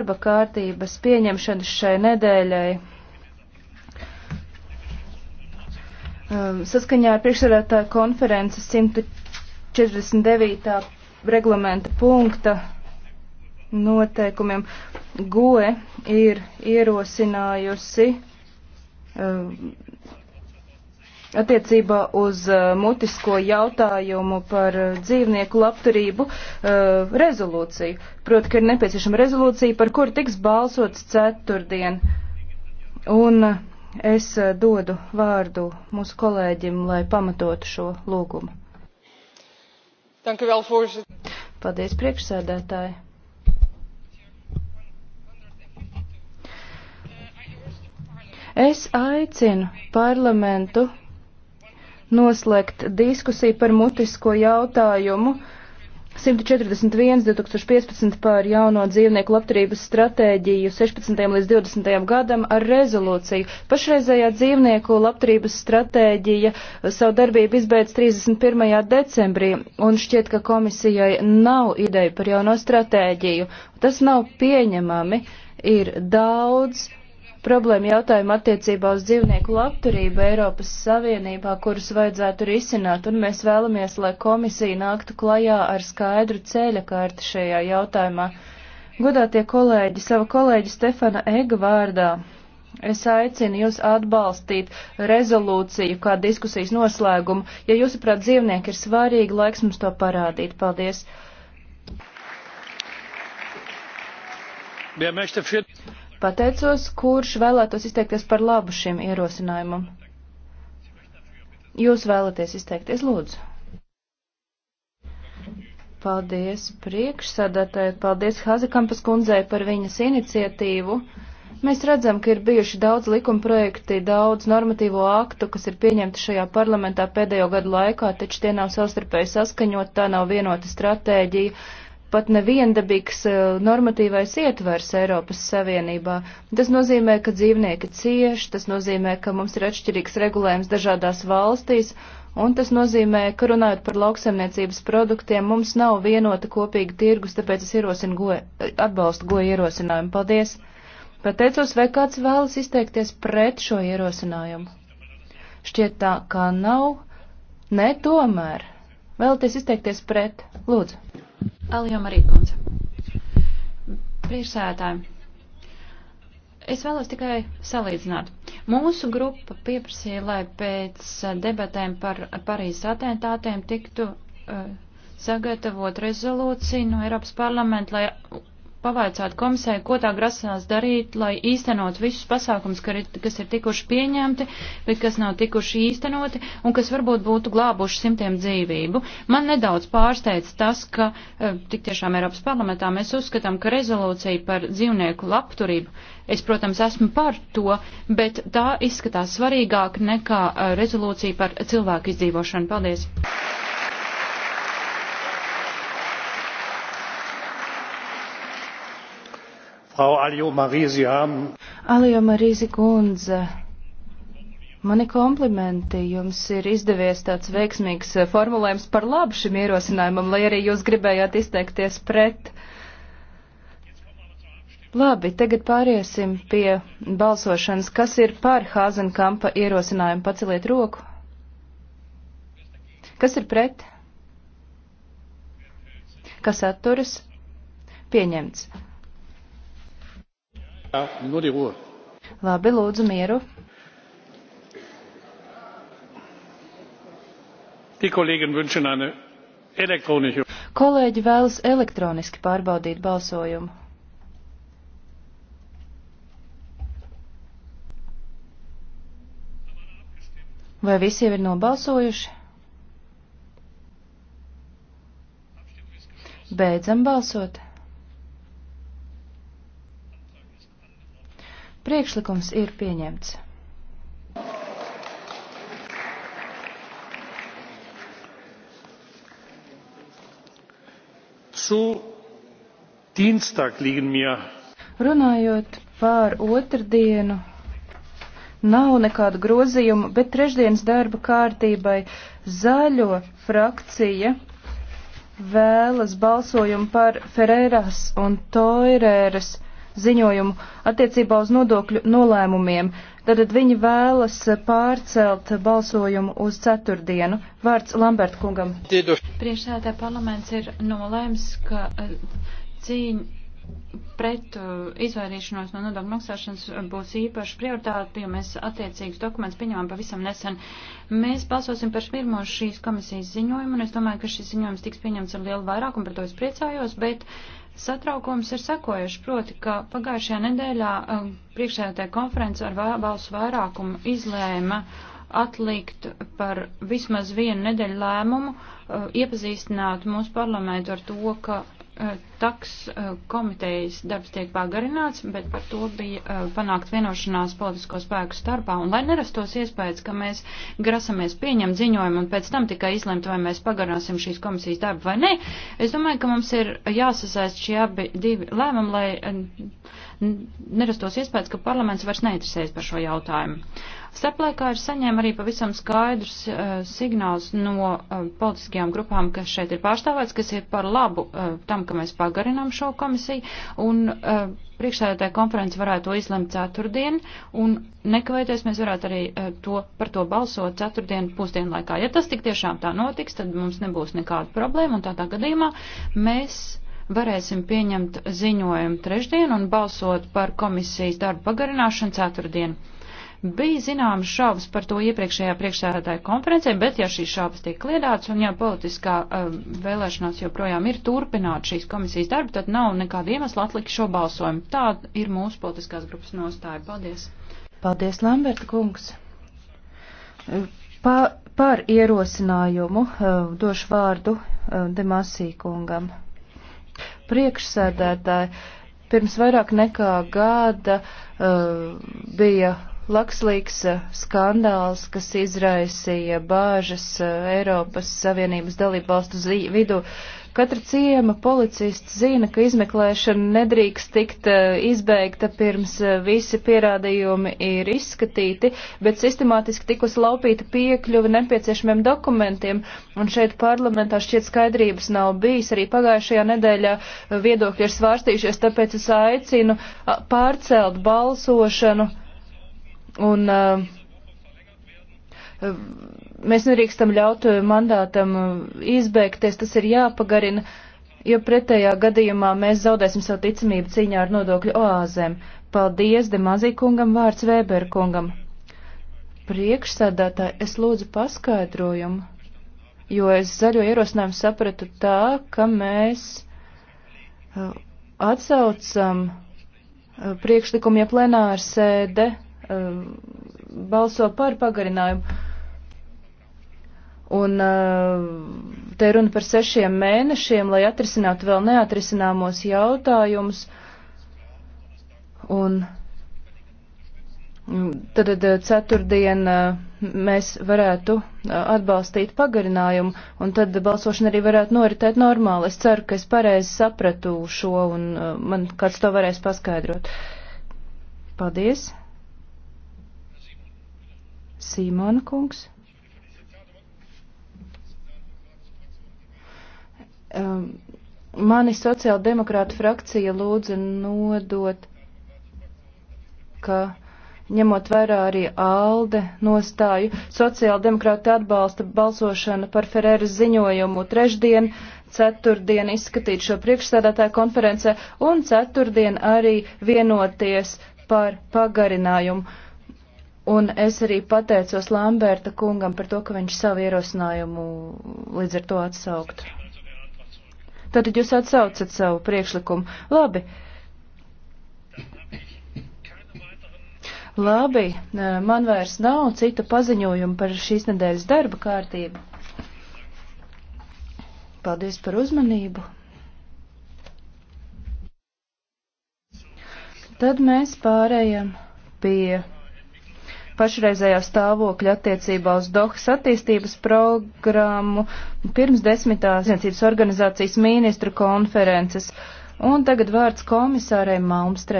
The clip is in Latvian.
darba kārtības pieņemšanas šai nedēļai. Um, saskaņā ar priekšsēdētāju konferences 149. reglamenta punkta noteikumiem GOE ir ierosinājusi um, Attiecībā uz uh, mutisko jautājumu par uh, dzīvnieku labturību uh, rezolūciju. Proti, ka ir nepieciešama rezolūcija, par kuru tiks balsots ceturtdien. Un es dodu vārdu mūsu kolēģim, lai pamatotu šo lūgumu. Paldies, priekšsēdētāji! Es aicinu parlamentu noslēgt diskusiju par mutisko jautājumu 141 2015 par jauno dzīvnieku labturības stratēģiju 16. līdz 20. gadam ar rezolūciju. Pašreizējā dzīvnieku labturības stratēģija savu darbību izbeidz 31. decembrī un šķiet, ka komisijai nav ideja par jauno stratēģiju. Tas nav pieņemami. Ir daudz problēmu jautājumu attiecībā uz dzīvnieku labturību Eiropas Savienībā, kurus vajadzētu risināt, un mēs vēlamies, lai komisija nāktu klajā ar skaidru ceļa kārtu šajā jautājumā. Godātie kolēģi, sava kolēģi Stefana Ega vārdā, es aicinu jūs atbalstīt rezolūciju kā diskusijas noslēgumu. Ja jūsuprāt dzīvnieki ir svarīgi, laiks mums to parādīt. Paldies! Wer möchte für pateicos, kurš vēlētos izteikties par labu šim ierosinājumam. Jūs vēlaties izteikties, lūdzu. Paldies priekšsadatāji, paldies Hazekampas kundzei par viņas iniciatīvu. Mēs redzam, ka ir bijuši daudz likuma projekti, daudz normatīvo aktu, kas ir pieņemti šajā parlamentā pēdējo gadu laikā, taču tie nav savstarpēji saskaņot, tā nav vienota stratēģija pat neviendabīgs eh, normatīvais ietvers Eiropas Savienībā. Tas nozīmē, ka dzīvnieki cieš, tas nozīmē, ka mums ir atšķirīgs regulējums dažādās valstīs, un tas nozīmē, ka runājot par lauksaimniecības produktiem, mums nav vienota kopīga tirgus, tāpēc es ierosinu go, atbalstu goju ierosinājumu. Paldies! Pateicos, vai kāds vēlas izteikties pret šo ierosinājumu? Šķiet tā, kā nav. Nē, tomēr. Vēlaties izteikties pret? Lūdzu. Alijam arī kundze. Priekšsēdētāji. Es vēlos tikai salīdzināt. Mūsu grupa pieprasīja, lai pēc debatēm par Parīzes atentātiem tiktu uh, sagatavot rezolūciju no Eiropas parlamenta, lai pavaicāt komisē, ko tā grasās darīt, lai īstenot visus pasākums, kas ir tikuši pieņemti, bet kas nav tikuši īstenoti un kas varbūt būtu glābuši simtiem dzīvību. Man nedaudz pārsteidz tas, ka eh, tik tiešām Eiropas parlamentā mēs uzskatām, ka rezolūcija par dzīvnieku labturību, es, protams, esmu par to, bet tā izskatās svarīgāk nekā eh, rezolūcija par cilvēku izdzīvošanu. Paldies! Frau Alio Marie, Sie haben. Alio Marīzi kundze. Mani komplimenti, jums ir izdevies tāds veiksmīgs eh, formulējums par labu šim ierosinājumam, lai arī jūs gribējāt izteikties pret. Labi, tagad pāriesim pie balsošanas. Kas ir par Hāzenkampa ierosinājumu? Paceliet roku. Kas ir pret? Kas atturas? Pieņemts. Labi, lūdzu mieru. Kolēģi vēlas elektroniski pārbaudīt balsojumu. Vai visi jau ir nobalsojuši? Beidzam balsot. Priekšlikums ir pieņemts. Zu Dienstag liegen mir. Runājot par otrdienu, nav nekādu grozījumu, bet trešdienas darba kārtībai zaļo frakcija vēlas balsojumu par Ferēras un Toirēras ziņojumu attiecībā uz nodokļu nolēmumiem. Tad viņi vēlas pārcelt balsojumu uz ceturtdienu. Vārds Lambert kungam. Priekšsēdē parlaments ir nolēms, ka eh, cīņa pret eh, izvairīšanos no nodokļu maksāšanas būs īpaši prioritāte, jo mēs attiecīgus dokumentus pieņemam pavisam nesen. Mēs balsosim par pirmo šīs komisijas ziņojumu, un es domāju, ka šis ziņojums tiks pieņemts ar lielu vairākumu, par to es priecājos, bet Satraukums ir sekojuši, proti, ka pagājušajā nedēļā um, priekšsēdētāja konference ar balsu vairākumu izlēma atlikt par vismaz vienu nedēļu lēmumu, uh, iepazīstināt mūsu parlamentu ar to, ka Eh, taks eh, komitejas darbs tiek pagarināts, bet par to bija eh, panākt vienošanās politisko spēku starpā. Un lai nerastos iespējas, ka mēs grasamies pieņemt ziņojumu un pēc tam tikai izlemt, vai mēs pagarināsim šīs komisijas darbu vai nē, es domāju, ka mums ir jāsasaist šie abi divi lēmumi, lai nerastos iespējas, ka parlaments vairs neinteresēs par šo jautājumu. Seplēkā ir saņēma arī pavisam skaidrs uh, signāls no uh, politiskajām grupām, kas šeit ir pārstāvēts, kas ir par labu uh, tam, ka mēs pagarinām šo komisiju, un uh, priekšsēdētāja konferences varētu to izlemt ceturtdien, un nekavēties mēs varētu arī uh, to, par to balsot ceturtdien pusdienlaikā. Ja tas tik tiešām tā notiks, tad mums nebūs nekāda problēma, un tādā gadījumā mēs varēsim pieņemt ziņojumu trešdien un balsot par komisijas darbu pagarināšanu ceturtdien. Bija zināmas šaubas par to iepriekšējā priekšsēdētāja konferencē, bet ja šīs šaubas tiek kliedātas un ja politiskā um, vēlēšanās joprojām ir turpināt šīs komisijas darbu, tad nav nekāda iemesla atlikt šo balsojumu. Tā ir mūsu politiskās grupas nostāja. Paldies! Paldies, Lamberta kungs! Pa, par ierosinājumu uh, došu vārdu uh, Demasī kungam. Priekšsēdētāji, pirms vairāk nekā gada uh, bija Lakslīgs eh, skandāls, kas izraisīja bāžas eh, Eiropas Savienības dalību valstu vidu. Katra ciema policists zina, ka izmeklēšana nedrīkst tikt eh, izbeigta pirms visi pierādījumi ir izskatīti, bet sistemātiski tikus laupīta piekļuva nepieciešamiem dokumentiem, un šeit parlamentā šķiet skaidrības nav bijis. Arī pagājušajā nedēļā viedokļi ir svārstījušies, tāpēc es aicinu pārcelt balsošanu Un mēs nedrīkstam ļaut mandātam izbēgties, tas ir jāpagarina, jo pretējā gadījumā mēs zaudēsim savu ticamību cīņā ar nodokļu oāzēm. Paldies Demazīkungam, vārds Vēberkungam. Priekšsēdētāji, es lūdzu paskaidrojumu, jo es zaļo ierosinājumu sapratu tā, ka mēs atsaucam priekšlikumu, ja plenāra sēde Uh, balso par pagarinājumu. Un uh, te runa par sešiem mēnešiem, lai atrisinātu vēl neatrisināmos jautājumus. Un mm, tad uh, ceturtdien mēs varētu atbalstīt pagarinājumu, un tad balsošana arī varētu noritēt normāli. Es ceru, ka es pareizi sapratu šo, un man kāds to varēs paskaidrot. Paldies! Sīmona kungs. Um, mani sociāldemokrāta frakcija lūdza nodot, ka ņemot vērā arī ALDE nostāju, sociāldemokrāti atbalsta balsošanu par Ferēras ziņojumu trešdien, ceturtdien izskatīt šo priekšsēdētāju konferencē un ceturtdien arī vienoties par pagarinājumu. Un es arī pateicos Lamberta kungam par to, ka viņš savu ierosinājumu līdz ar to atsaukt. Tātad jūs atsaucat savu priekšlikumu. Labi. Labi, e, man vairs nav cita paziņojuma par šīs nedēļas darba kārtību. Paldies par uzmanību. Tad mēs pārējam pie pašreizējā stāvokļa attiecībā uz Dohas attīstības programmu pirms desmitās organizācijas ministru konferences. Un tagad vārds komisārai Malmstrē.